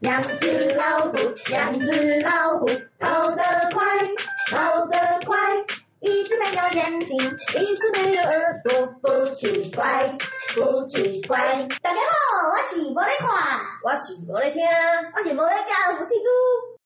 兩隻老虎，兩隻老虎，跑得快，跑得快。一隻沒有眼睛，一隻沒有耳朵，不奇怪，不奇怪。大家好，我是沒在看，我是沒在聽，我是沒在講小豬。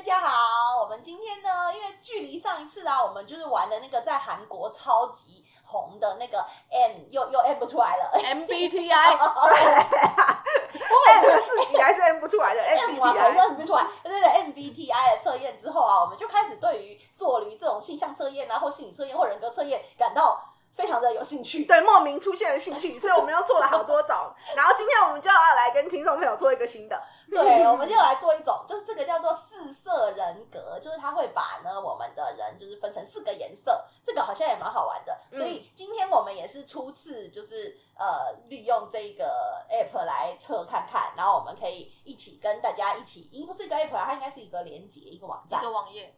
大家好，我們今天呢，因為距離上一次啊，我們就是玩的那個在韓國超級紅的那個 M 又又 M 不出來了，MBTI， 對、啊，我每次四級還是 M 不出來的 M？MBTI M、啊、不出來。 對對，MBTI 的測驗之後啊，我們就開始對於做離這種性向測驗啊，或心理測驗或人格測驗，感到非常的有興趣。對，莫名出現了興趣，所以我們要做了好多種。 然後今天我們就要來跟聽眾朋友做一個新的。 對，我們就來做一種，就是這個叫做四色人格，就是它會把呢我們的人就是分成四個顏色，這個好像也蠻好玩的。嗯、所以今天我們也是初次，就是呃利用這個 app 來測看看，然後我們可以一起跟大家一起，因為不是一個 app 它應該是一個連接，一個網站，一個網頁。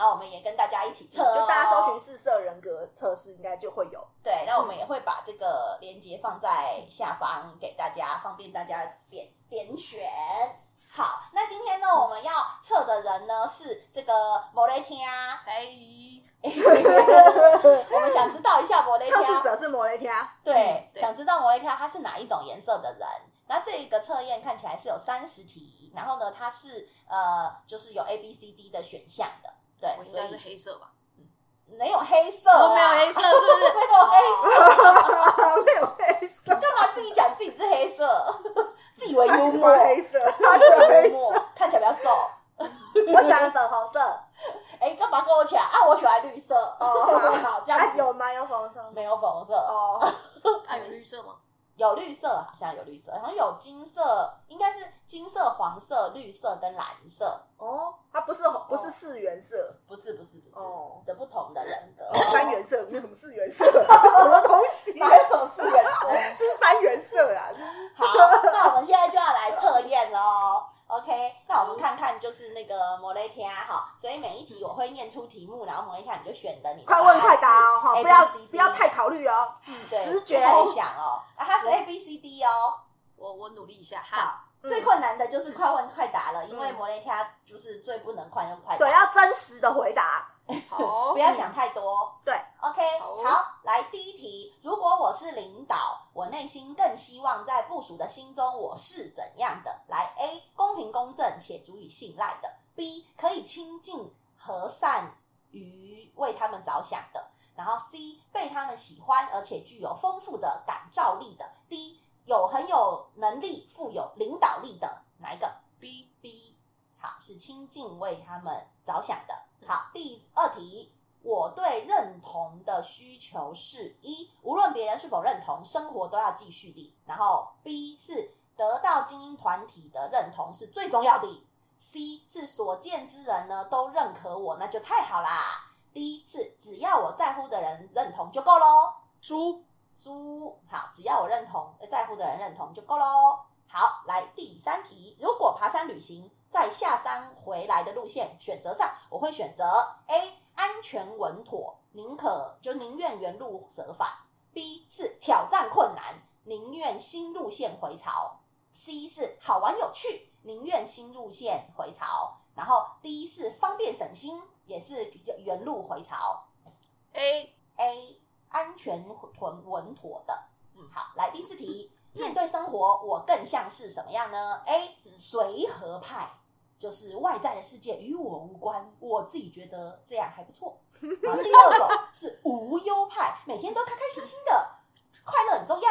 然後我們也跟大家一起測，哦，就大家搜尋四色人格測試，應該就會有。對，嗯，那我們也會把這個鏈接放在下方，給大家、嗯、方便大家點點選。好，那今天呢，嗯、我們要測的人呢是這個莫雷天。哎，欸、 我們想知道一下莫雷天，測試者是莫雷天，嗯。對，想知道莫雷天他是哪一種顏色的人？那這個測驗看起來是有三十題，然後呢，它是呃，就是有 A B C D 的選項的。對，我應該是黑色吧，嗯，沒有黑色啊，我沒有黑色，是不是？ 沒有黑色。 你看你就選擇你快問快答哦 ABCD，不要不要太考慮哦、嗯，直覺影響哦。那、啊、它是 A B C D 哦。我我努力一下。哈、嗯。最困難的就是快問快答了，嗯，因為摩雷他就是最不能快問快答。對，要真實的回答，好 不要想太多。對、嗯，OK，好，來第一題，如果我是領導，我內心更希望在部署的心中我是怎樣的？來，A 公平公正且足以信賴的，B 可以親近和善於。為他們着想的，然後 C 被他們喜歡，而且具有豐富的感召力的，D 有很有能力、富有領導力的，哪一個？B B 好，是親近為他們着想的。好，第二題，我對認同的需求是：一，無論別人是否認同，生活都要繼續的。然後 B 是得到精英團體的認同是最重要的。嗯。C 是所見之人呢都認可我，那就太好啦。D 是只要我在乎的人認同就夠嘍。豬豬好，只要我認同，在乎的人認同就夠嘍。好，來第三題，如果爬山旅行，在下山回來的路線選擇上，我會選擇 A，A 安全穩妥，寧可就寧願原路折返。B，B 是挑戰困難，寧願新路線回潮。C，C 是好玩有趣，寧願新路線回潮。然後 D 是方便省心。也是比較原路回朝 a A 安全穩妥的，嗯，好，來第四題，面對生活，我更像是什麼樣呢？A 隨和派，就是外在的世界與我無關，我自己覺得這樣還不錯。 好第二種是無憂派，每天都開開心心的，嗯、快樂很重要、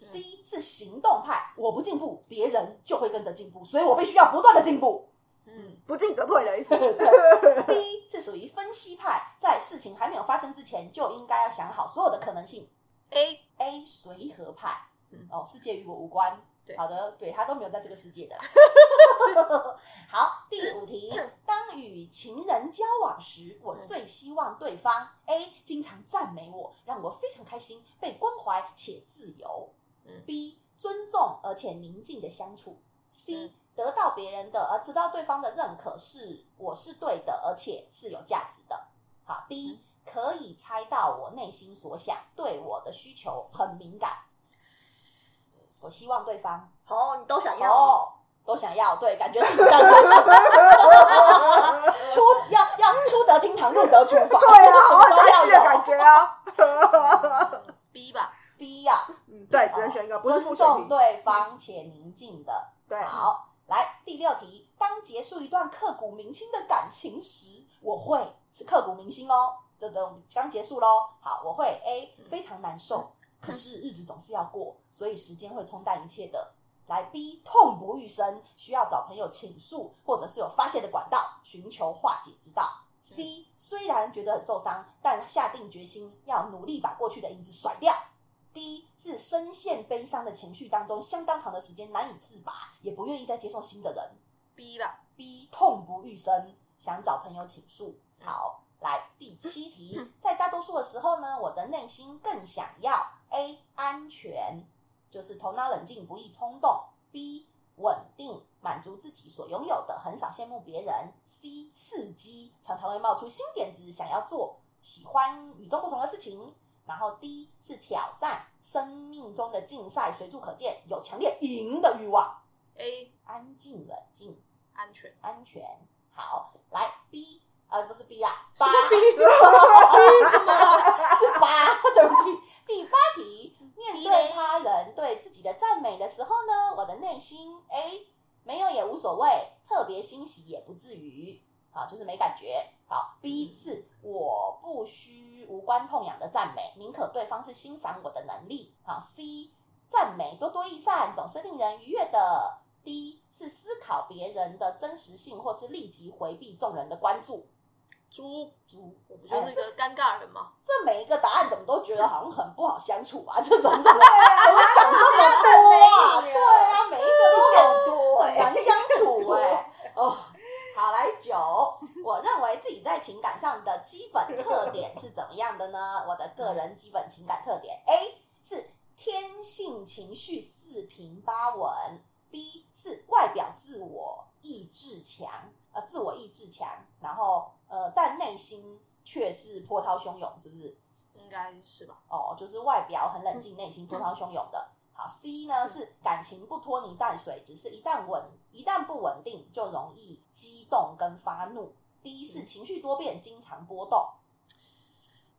嗯。C 是行動派，我不進步，別人就會跟着進步，所以我必須要不斷的進步。嗯嗯嗯，不進則退的意思。 B 是屬於分析派，在事情還沒有發生之前就應該要想好所有的可能性。A A 隨和派、嗯，哦，世界與我無關。對，好的，對他都沒有在這個世界的。 好，第五題， 當與情人交往時，我最希望對方、嗯、A 經常讚美我，讓我非常開心，被關懷且自由、嗯。B 尊重而且寧靜的相處。嗯、C 得到別人的，呃，知道對方的認可是我是對的，而且是有價值的。好，B 可以猜到我內心所想，對我的需求很敏感。我希望對方哦，你都想要、哦，都想要，對，感覺是,感覺是 要做什麼？出要要出得廳堂，入得廚房， 對啊，什麼都要有感覺 對啊。 B 吧，B 呀，嗯，對 B,、oh,，只能選一個，尊重對方且寧靜的，對，好。來第六題，當結束一段刻骨銘心的感情時，我會是刻骨銘心哦，這種剛結束咯，好，我會 A 非常難受，可是日子總是要過，所以時間會沖淡一切的。來 B 痛不欲生，需要找朋友傾訴，或者是有發洩的管道，尋求化解之道。C 雖然覺得很受傷，但下定決心要努力把過去的影子甩掉。D 是深陷悲傷的情緒當中，相當長的時間難以自拔，也不願意再接受新的人。B 吧，B 痛不欲生，想找朋友傾訴。嗯。好，來第七題。嗯，在大多數的時候呢，我的內心更想要 A 安全，就是頭腦冷靜，不易衝動；B 穩定，滿足自己所擁有的，很少羨慕別人；C 刺激，常常會冒出新點子想要做，喜歡與眾不同的事情。然後 D 是挑戰，生命中的競賽隨處可見，有強烈贏的慾望。A 安靜冷靜，安全安全。好，來 B 呃、啊，不是 B 啊，八是嗎、哦 哦哦？是八，對不起。第八題，面對他人對自己的讚美的時候呢，我的內心 A 沒有也無所謂，特別欣喜也不至於，好就是沒感覺。B 是我不需無關痛癢的讚美，寧可對方是欣賞我的能力。好，C 讚美多多益善，總是令人愉悅的。D 是思考別人的真實性，或是立即回避眾人的關注。豬豬，我不就是一個尷尬人嗎、欸這？這每一個答案怎麼都覺得好像很不好相處啊？這 種 怎麼想那麼多啊？啊對啊，每一個都好多 很難相處哎、欸。哦， 好來九。我認為自己在情感上的基本特點是怎麼樣的呢？我的個人基本情感特點 A 是天性情緒四平八穩，B 是外表自我意志強，呃，自我意志強，然後呃，但內心卻是波濤洶湧，是不是？應該是吧。哦，就是外表很冷靜，內、嗯、心波濤洶湧的。嗯、好，C 呢、嗯、是感情不拖泥帶水，只是一旦穩，一旦不穩定就容易激動跟發怒。D 是情緒多變，經常波動，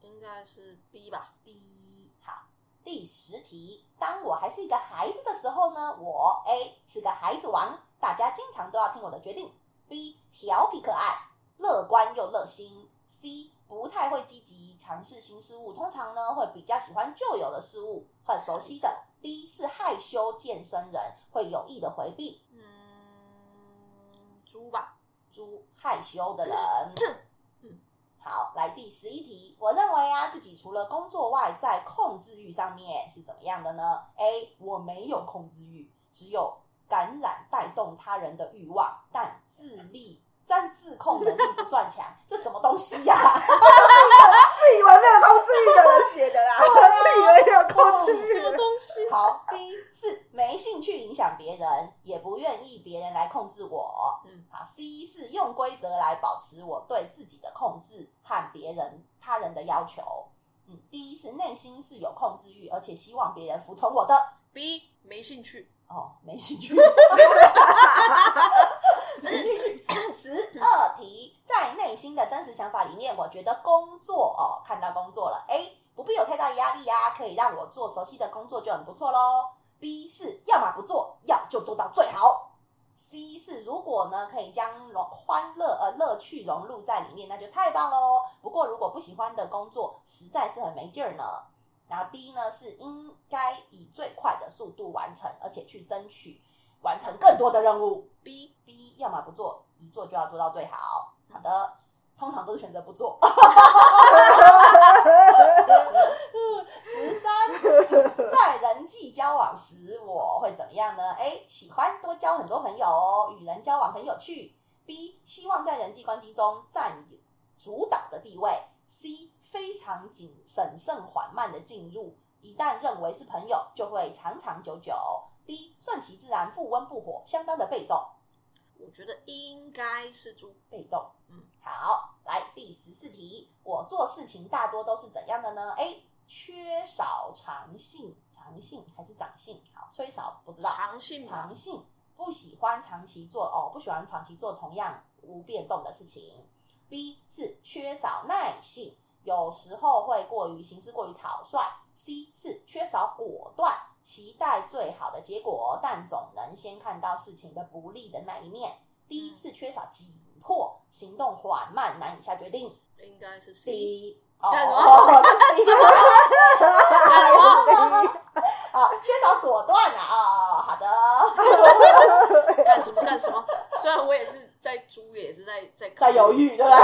應該是 B 吧。B 好，第十題。當我還是一個孩子的時候呢，我 A 是個孩子王，大家經常都要聽我的決定。B 調皮可愛，樂觀又熱心。C 不太會積極嘗試新事物，通常呢會比較喜歡舊有的事物，會很熟悉的。D 是害羞見生人會有意的迴避。嗯，豬吧，豬。害羞的人，好，來第十一題。我認為啊，自己除了工作外，在控制欲上面是怎麼樣的呢？A，我沒有控制欲，只有感染帶動他人的欲望，但自立。占自控能力不算強， 這什麼東西呀，啊？ 自以為沒有控制欲寫的啦，對 自以為沒有控制欲什麼東西。好，第一是沒興趣影響別人，也不願意別人來控制我。嗯，啊，C 是用規則來保持我對自己的控制和別人，他人的要求。嗯，第一是內心是有控制欲，而且希望別人服從我的。B 沒興趣哦，沒興趣。 新的真實想法裡面，我覺得工作哦，看到工作了，A 不必有太大壓力呀、啊，可以讓我做熟悉的工作就很不錯咯。B 是，要麼不做，要就做到最好。C 是，如果呢可以將歡樂呃樂趣融入在裡面，那就太棒嘍。不過如果不喜歡的工作，實在是很沒勁兒呢。然後 D 呢是應、嗯、該以最快的速度完成，而且去爭取完成更多的任務。B B 要麼不做，一做就要做到最好。好的。通常都是選擇不做。十三，在人際交往時，我會怎麼樣呢？A 喜歡多交很多朋友，與人交往很有趣。B 希望在人際關係中佔有主導的地位。C 非常謹審慎、緩慢的進入，一旦認為是朋友，就會長長久久。D 順其自然，不溫不火，相當的被動。我覺得應該是主被動。好，來第十四題，我做事情大多都是怎樣的呢？A 缺少長性，長性還是長性？好，缺少不知道。長性，長性，不喜歡長期做哦，不喜歡長期做同樣無變動的事情。B 是缺少耐性，有時候會過於行事過於草率。C 是缺少果斷，期待最好的結果，但總能先看到事情的不利的那一面。D 是缺少機。或行動緩慢，難以下決定，應該是 C。哦、oh, 啊，是 C 嗎？啊， 缺少果斷啊！啊、oh,，好的。幹 什麼幹 什麼？雖然我也是在租也，也是在在。在猶豫，對吧？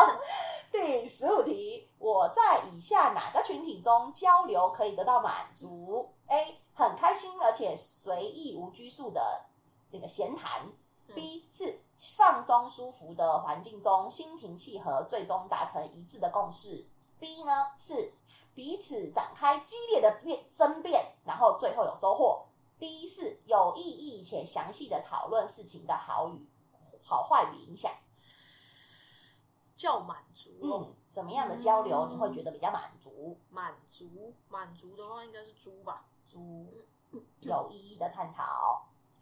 第十五題，我在以下哪個群體中交流可以得到滿足、嗯、？A 很開心而且隨意無拘束的那個閒談、嗯。B 是。放鬆舒服的環境中，心平氣和，最終達成一致的共識。B 呢是彼此展開激烈的辯爭辯，然後最後有收穫。D 是有意義且詳細的討論事情的好與好壞與影響，較滿足。嗯，怎麼樣的交流你會覺得比較滿足？嗯、滿足滿足的話應該是豬吧？豬有意義的探討，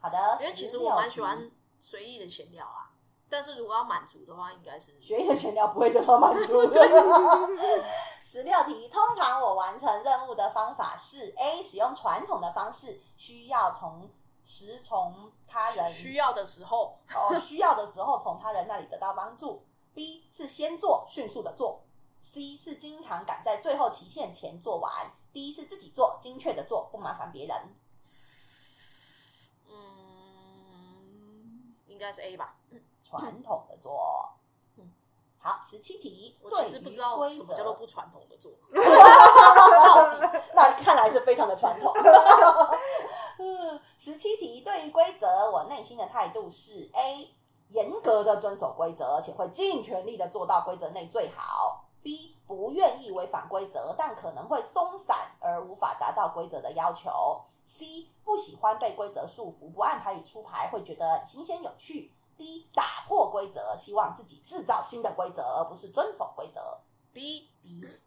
好的，因為其實我蠻喜歡。隨意的閒聊啊，但是如果要滿足的話應，應該是隨意的閒聊不會得到滿足。 對十 六題，通常我完成任務的方法是：A. 使用傳統的方式，需要從時從他人需要的時候哦，需要的時候從他人那裡得到幫助 ；B. 是先做，迅速的做；C. 是經常趕在最後期限前做完；D. 是自己做，精確的做，不麻煩別人。應該是 A 吧，傳統的做，嗯。好，十七題，我確實不知道什麼叫做不傳統的做。 到底，那看來是非常的傳統。嗯，十七題對於規則，我內心的態度是 A，嚴格的遵守規則，且會盡全力的做到規則內最好。B，不願意違反規則，但可能會鬆散而無法達到規則的要求。C 不喜歡被規則束縛，不按牌理出牌，會覺得很新鮮有趣。D 打破規則，希望自己製造新的規則，而不是遵守規則。B，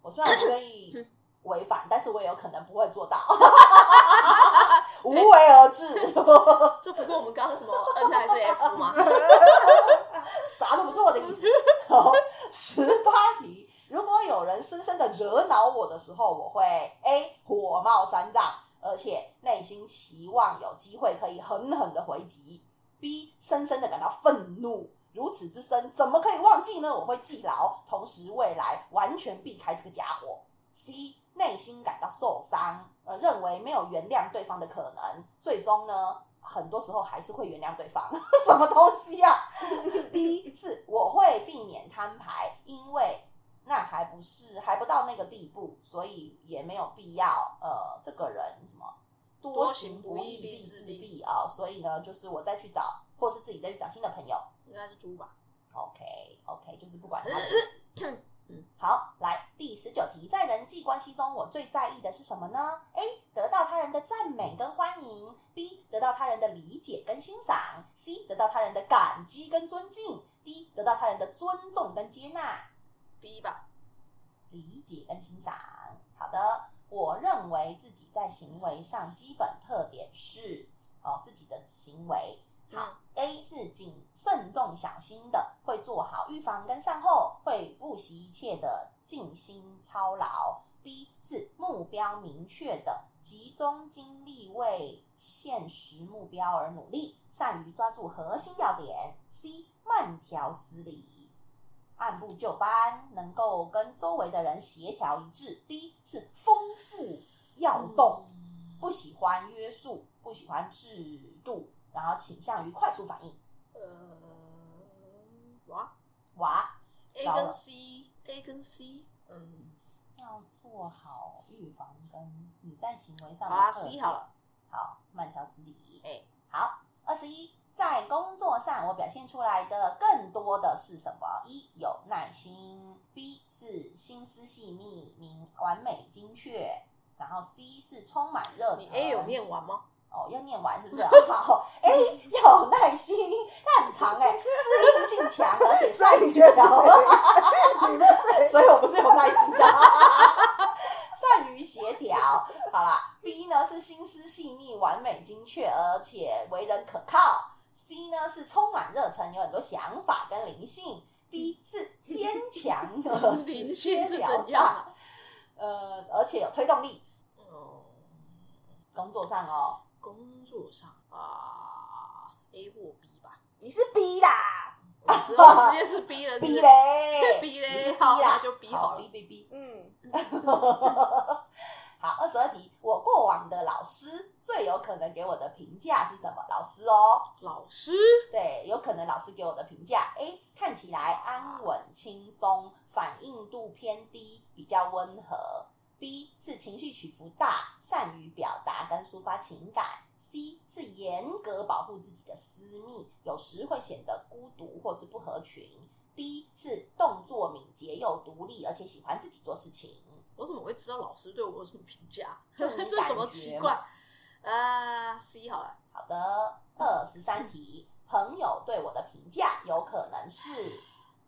我雖然不願意違反咳咳，但是我也有可能不會做到， 無為而治。欸、 這不是我們剛剛什麼 N S X 嗎？ 啥都不做的意思。好，十八題，如果有人深深地惹惱我的時候，我會 A 火冒三丈。而且內心期望有機會可以狠狠的回擊。B，深深的感到憤怒，如此之深，怎麼可以忘記呢？我會記牢，同時未來完全避開這個家伙。C，內心感到受傷，呃，認為沒有原諒對方的可能，最終呢，很多時候還是會原諒對方。什麼東西呀、啊、 ？D 是我會避免攤牌，因為。那還不是，還不到那個地步，所以也沒有必要。呃，這個人什麼多行不義必自斃啊？所以呢，就是我再去找，或是自己再去找新的朋友。應該是豬吧？OK OK，就是不管他、 嗯。好，來第十九題，在人際關係中，我最在意的是什麼呢？A 得到他人的讚美跟歡迎；B 得到他人的理解跟欣賞；C 得到他人的感激跟尊敬；D 得到他人的尊重跟接納。B 吧，理解跟欣賞。好的，我認為自己在行為上基本特點是哦自己的行為。好，嗯，A 是謹慎重小心的，會做好預防跟善後，會不惜一切的盡心操勞。B 是目標明確的，集中精力為現實目標而努力，善於抓住核心要點。C 慢條斯理。按部就班，能夠跟周圍的人協調一致。第一是豐富要動，不喜歡約束，不喜歡制度，然後傾向於快速反應。呃、嗯，哇哇 A 跟 C，A 跟 C，嗯，要做好預防。跟你在行為上的，好 C 好了，好，慢條斯理，A。我表現出來的更多的是什麼？一、A, 有耐心，B 是心思細膩、明完美精確，然後 C 是充滿熱情。你 A 有念完嗎？哦，要念完是不是、啊？好 ，A 有耐心，那很長哎，適應性強，而且善於協調。所以, 所以我不是有耐心的， 善於協調。好啦 B 呢是心思細膩、完美精確，而且為人可靠。C 呢是充滿熱情，有很多想法跟靈性，D 是堅強的直接，志氣了得，而且有推動力、呃。工作上哦，工作上啊，A 或 B 吧？你是 B 啦，我我直接是 B 了 ，B 嘞 ，B 嘞，好，啦，就 B 好，好必必 b B B，嗯。 好，二十二題，我過往的老師最有可能給我的評價是什麼？老師哦，老師，對，有可能老師給我的評價，A 看起來安穩、輕鬆，反應度偏低，比較溫和；B 是情緒起伏大，善於表達跟抒發情感；C 是嚴格保護自己的私密，有時會顯得孤獨或是不合群；D 是動作敏捷又獨立，而且喜歡自己做事情。我怎麼會知道老師對我有什麼評價？這，感覺 這什麼奇怪？啊、uh,，C 好了，好的，二十三題， 朋友對我的評價有可能是、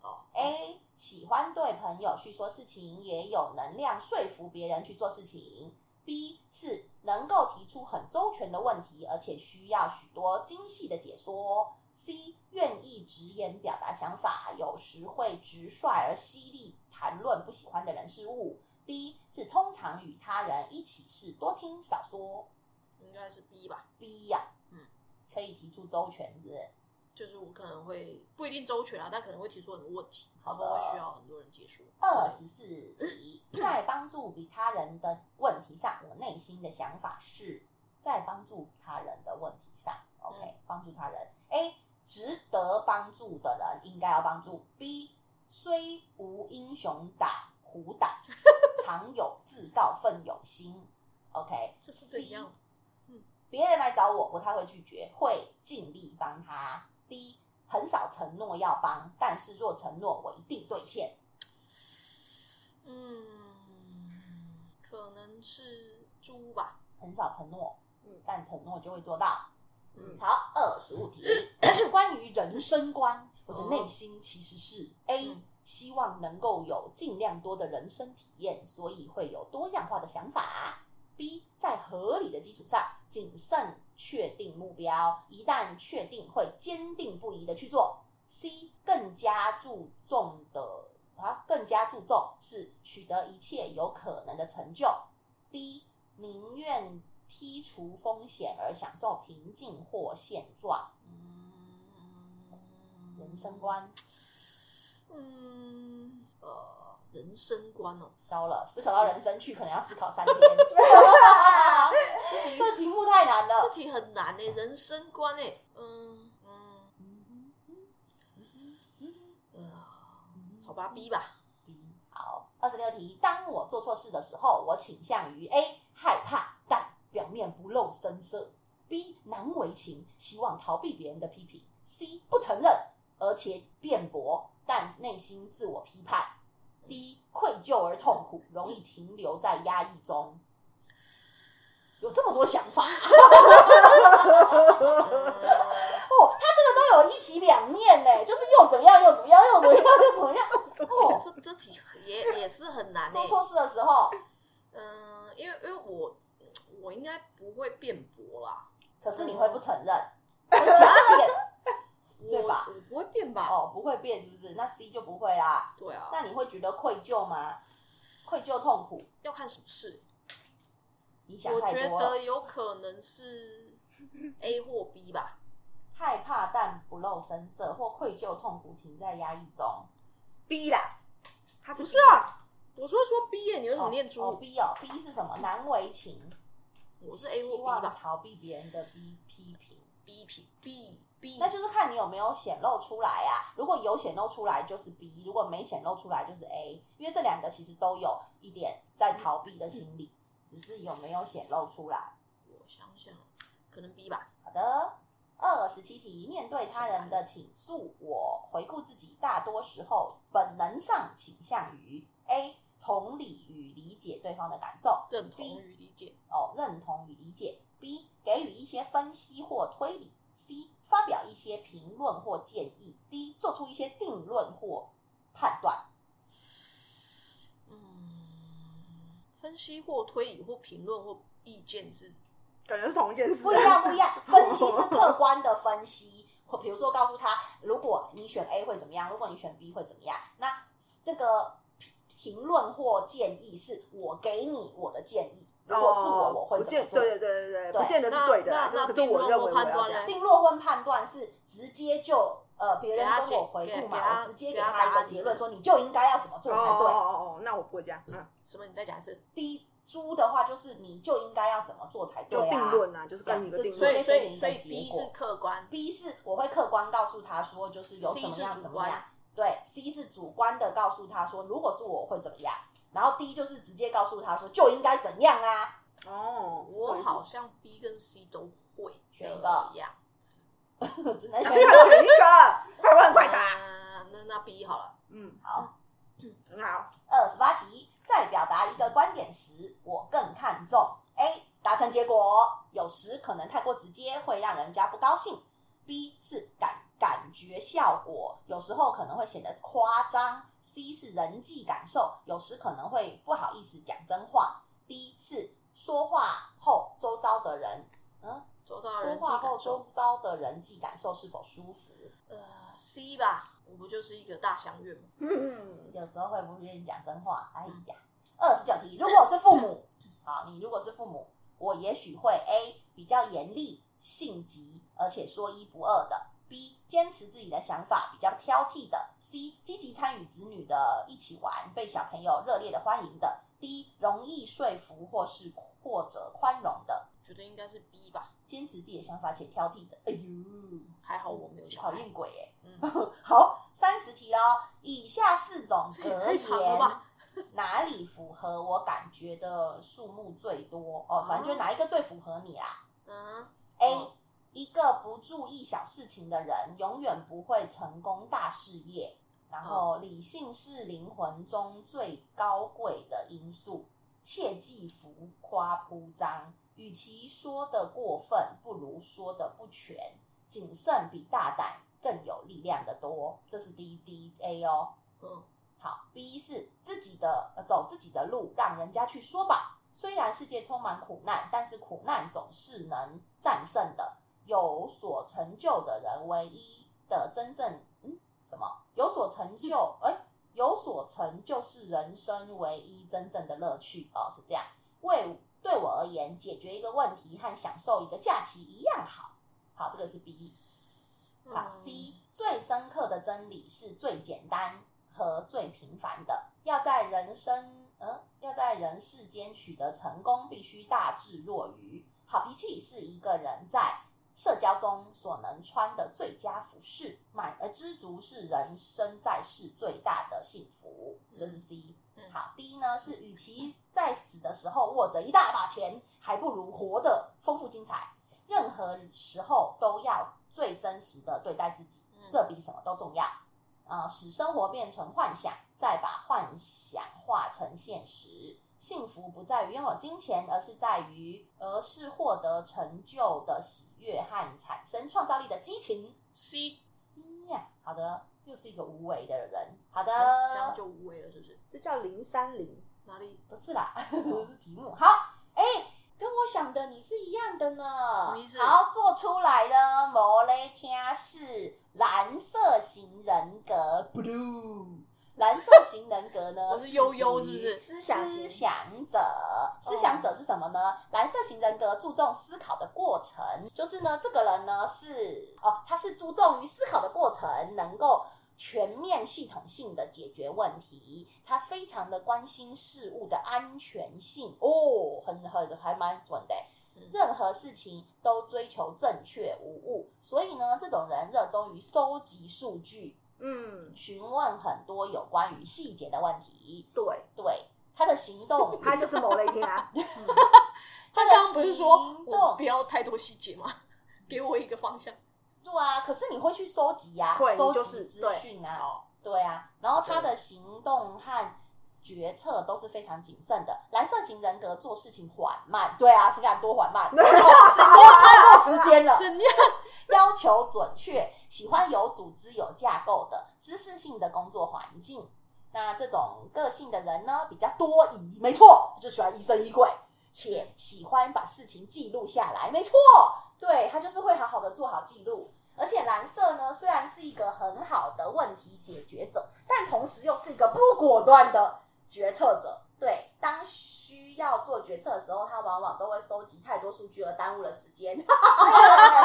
oh.：A 喜歡對朋友去說事情，也有能量說服別人去做事情；B 是能夠提出很周全的問題，而且需要許多精細的解說；C 願意直言表達想法，有時會直率而犀利談論不喜歡的人事物。B 是通常與他人一起事，多聽少說，應該是 B 吧？B 呀、啊，嗯，可以提出周全是不是，就是我可能會不一定周全啊，但可能會提出很多問題，好多需要很多人解說。二十四題，在幫助比他人的問題上，我內心的想法是在幫助他人的問題上、嗯、，OK，幫助他人。A 值得幫助的人應該要幫助。B 雖無英雄膽，虎膽。 常有自告奮勇心，OK？這是怎樣的？嗯，別人來找我，不太會拒絕、嗯，會盡力幫他。第一，很少承諾要幫，但是若承諾，我一定兌現。嗯，可能是豬吧，很少承諾，嗯、但承諾就會做到。嗯，好，二十五題， 關於人生觀，我、哦、的內心其實是 A、嗯。希望能夠有盡量多的人生體驗，所以會有多樣化的想法。B 在合理的基礎上謹慎確定目標，一旦確定會堅定不移地去做。C 更加注重的啊，更加注重是取得一切有可能的成就。D 寧願剔除風險而享受平靜或現狀。人生觀。嗯呃，人生觀哦，糟了，思考到人生去，可能要思考三天。 這題這題目太難了，這題很難嘞，人生觀嘞。嗯嗯嗯嗯嗯嗯，嗯，嗯，好吧，B 吧，B 好。二十六題，當我做錯事的時候，我傾向於 A 害怕，但表面不露聲色；B 難為情，希望逃避別人的批評；C 不承認，而且辯駁。但內心自我批判，第一，愧疚而痛苦，容易停留在壓抑中。有這麼多想法、 嗯、哦，他這個都有一體兩面呢，就是又怎麼樣，又怎麼樣，又怎麼樣，又怎麼樣。哦，這這題也也是很難。做錯事的時候，嗯、呃，因為因為我我應該不會辯駁啦，可是你會不承認。嗯嗯 哦，不會變是不是？那 C 就不會啦。對啊。那你會覺得愧疚嗎？愧疚、痛苦，要看什麼事。你想太多。我覺得有可能是 A 或 B 吧。害怕但不露聲色，或愧疚、痛苦停在壓抑中。B 啦。他不是啊。我說說 B 耶、欸，你為什麼念出、哦哦、？B 哦，B 是什麼？難為情。我是 A 或 B 吧？逃避別人的 B 批評，B 批評 B, B。那就是看你有沒有顯露出來啊，如果有顯露出來，就是 B；如果沒顯露出來，就是 A。因為這兩個其實都有一點在逃避的心理，嗯，只是有沒有顯露出來。我想想，可能 B 吧。好的，二十七題，面對他人的傾訴，我回顧自己，大多時候本能上傾向於 A，同理與理解對方的感受。認同與理解 B，哦，認同與理解。B，給予一些分析或推理。C。發表一些評論或建議，第一，做出一些定論或判斷，嗯，分析或推理，或評論或意見是感覺是同一件事啊，不一樣不一樣，分析是客觀的分析， 或比如說告訴他，如果你選 A 會怎麼樣，如果你選 B 會怎麼樣，那這個評論或建議是我給你我的建議。如果是我，oh, 我會怎麼做？對對對對對，不見得是對的。那、就是、是我認為我要那那，那定落婚判斷定落婚判斷是直接就呃，別人跟我回復嘛，直接給他一個結論，說你就應該要怎麼做才對。哦哦哦哦，那我不會這樣。嗯，什麼？你再講一次。D 組的話，就是你就應該要怎麼做才對啊？就定論啊，就是這樣的。所以所以所以，所以 B 是客觀，B 是我會客觀告訴他說，就是有什麼樣怎麼樣。C 對，C 是主觀的告訴他說，如果是我會怎麼樣。然後第一就是直接告訴他說，就應該怎樣啊！哦、oh，我好像 B 跟 C 都會選個一樣， 只能全選一個，快問快答。Uh, 那那 B 好了，好，嗯，嗯，好，很好。二十八題，在表達一個觀點時，我更看重 A 達成結果，有時可能太過直接會讓人家不高興；B 是感感覺效果，有時候可能會顯得誇張。C 是人際感受，有時可能會不好意思講真話。D 是說話後周遭的人，嗯，周遭的人說話後周遭的人際感受是否舒服？呃，C 吧，我不就是一個大祥願嗎？嗯嗯，有時候會不願意講真話。哎呀，二十九題，如果是父母， 好，你如果是父母，我也許會 A 比較嚴厲、性急，而且說一不二的。B 堅持自己的想法，比較挑剔的；C 積極參與子女的一起玩，被小朋友熱烈的歡迎的；D 容易說服或是或者寬容的。覺得應該是 B 吧，堅持自己的想法且挑剔的。哎呦，嗯、還好我沒有討厭鬼哎、欸。嗯、 好，三十題咯，以下四種格言，哪裡符合我感覺的數目最多、嗯？哦，反正就哪一個最符合你啦、啊。嗯，A 嗯。A, 一個不注意小事情的人，永遠不會成功大事業。然後，理性是靈魂中最高貴的因素，切忌浮誇鋪張。與其說的過分，不如說的不全。謹慎比大膽更有力量的多。這是 D D A 哦。嗯，好 B 是自己的、呃，走自己的路，讓人家去說吧。雖然世界充滿苦難，但是苦難總是能戰勝的。有所成就的人，唯一的真正嗯什麼？有所成就，哎、 欸，有所成就是人生唯一真正的樂趣哦，是這樣。為，對我而言，解決一個問題和享受一個假期一樣好。好，這個是 B。好、嗯、，C 最深刻的真理是最簡單和最平凡的。要在人生嗯要在人世間取得成功，必須大智若愚。好脾氣是一個人在。社交中所能穿的最佳服飾，滿而知足是人生在世最大的幸福，這是 C。好，D 呢是與其在死的時候握着一大把錢，還不如活得豐富精彩。任何時候都要最真實的對待自己，這比什麼都重要啊、呃！使生活變成幻想，再把幻想化成現實。幸福不在於擁有金錢，而是在於，而是獲得成就的喜悅和產生創造力的激情。C C 呀，好的，又是一個無為的人。好的，嗯、這樣就無為了，是不是？這叫零三零？哪裡？不是啦，只 是題目。好，哎、欸，跟我想的你是一樣的呢。什麼意思？好，做出來的摩雷天是藍色型人格，Blue。藍色型人格呢？ 我是悠悠，是不是？思想者，思想者是什麼呢？嗯、藍色型人格注重思考的過程，就是呢，這個人呢是哦，他是注重於思考的過程，能夠全面系統性的解決問題。他非常的關心事物的安全性哦，很很還蠻準的。嗯、任何事情都追求正確無誤，所以呢，這種人熱衷於收集數據。嗯，詢問很多有關於細節的問題。對對，他的行動，他就是某一天啊。 嗯、他剛不是說我不要太多細節嗎？給我一個方向。對啊，可是你會去收集呀、啊，收集資訊啊。對，對啊、哦。然後他的行動和決策都是非常謹慎的。藍色型人格做事情緩慢，對啊，是這樣多緩慢， 然後怎樣差不多 時間了？ 怎樣？怎樣要求準確，喜歡有組織、有架構的知識性的工作環境。那這種個性的人呢，比較多疑，沒錯，就喜歡疑神疑鬼，且喜歡把事情記錄下來，沒錯，對，他就是會好好的做好記錄。而且藍色呢，雖然是一個很好的問題解決者，但同時又是一個不果斷的決策者。對，當需，要做決策的時候，他往往都會收集太多數據而耽誤了時間， 對對對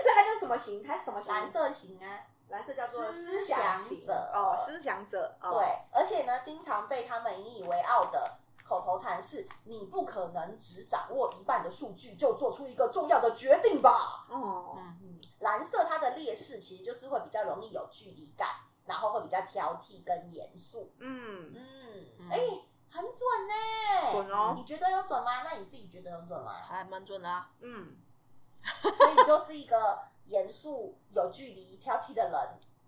所以它叫什麼型？它是什麼型？藍色型啊，藍色叫做思想者哦，思想者。Oh, 思想者 oh. 對，而且呢，經常被他們引以為傲的口頭禪是：“你不可能只掌握一半的數據就做出一個重要的決定吧？”哦，嗯，藍色它的劣勢其實就是會比較容易有距離感，然後會比較挑剔跟嚴肅。你覺得有準嗎？那你自己覺得有準嗎？還蠻準的、啊。嗯， 所以你就是一個嚴肅、有距離、挑剔的人。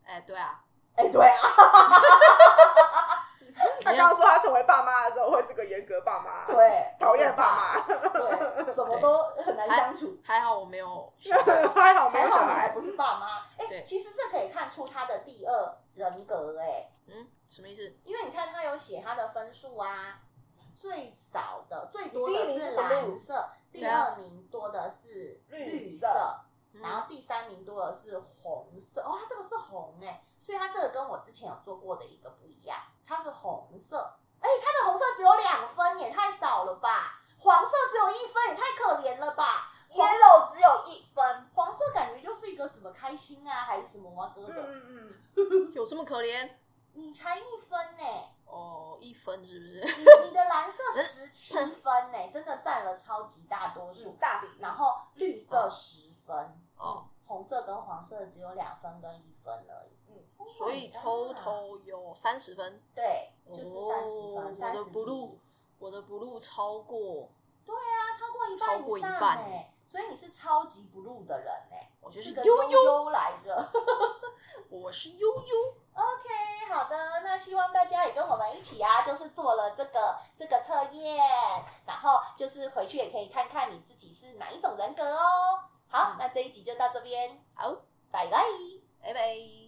哎、欸，對啊，哎、欸，對啊。 他剛剛說他成為爸媽的時候會是個嚴格爸媽，對，討厭爸媽，對，什麼都很難相處。還，還好我沒有， 還好沒有小孩，不是爸媽。哎、 欸，其實這可以看出他的第二人格。哎、欸，嗯，什麼意思？因為你看他有寫他的分數啊。最少的，最多的是藍色，第二名多的是綠色，嗯、然後第三名多的是紅色。哦，它這個是紅哎，所以它這個跟我之前有做過的一個不一樣，它是紅色，哎，它的紅色只有兩分，也太少了吧？黃色只有一分，也太可憐了吧？yellow 只有一分，黃色感覺就是一個什麼開心啊，還是什麼啊，嗯嗯，有這麼可憐？你才一分。分是不是？你的藍色十七分呢、欸，真的佔了超級大多數、嗯、大餅，然後綠色十分，哦、嗯，紅色跟黃色只有兩分跟一分而已。嗯、所以 total、哦、有三十分，對，就是三十分，、哦、分。我的 Blue 我的 Blue 超過，對啊，超過一半以上、欸超過一半，所以你是超級 Blue 的人我、欸、我是憂憂、就是、來着， 我是憂憂，OK。好的，那希望大家也跟我們一起啊，就是做了這個這個測驗，然後就是回去也可以看看你自己是哪一種人格哦。好，那這一集就到這邊。好，拜拜，拜拜。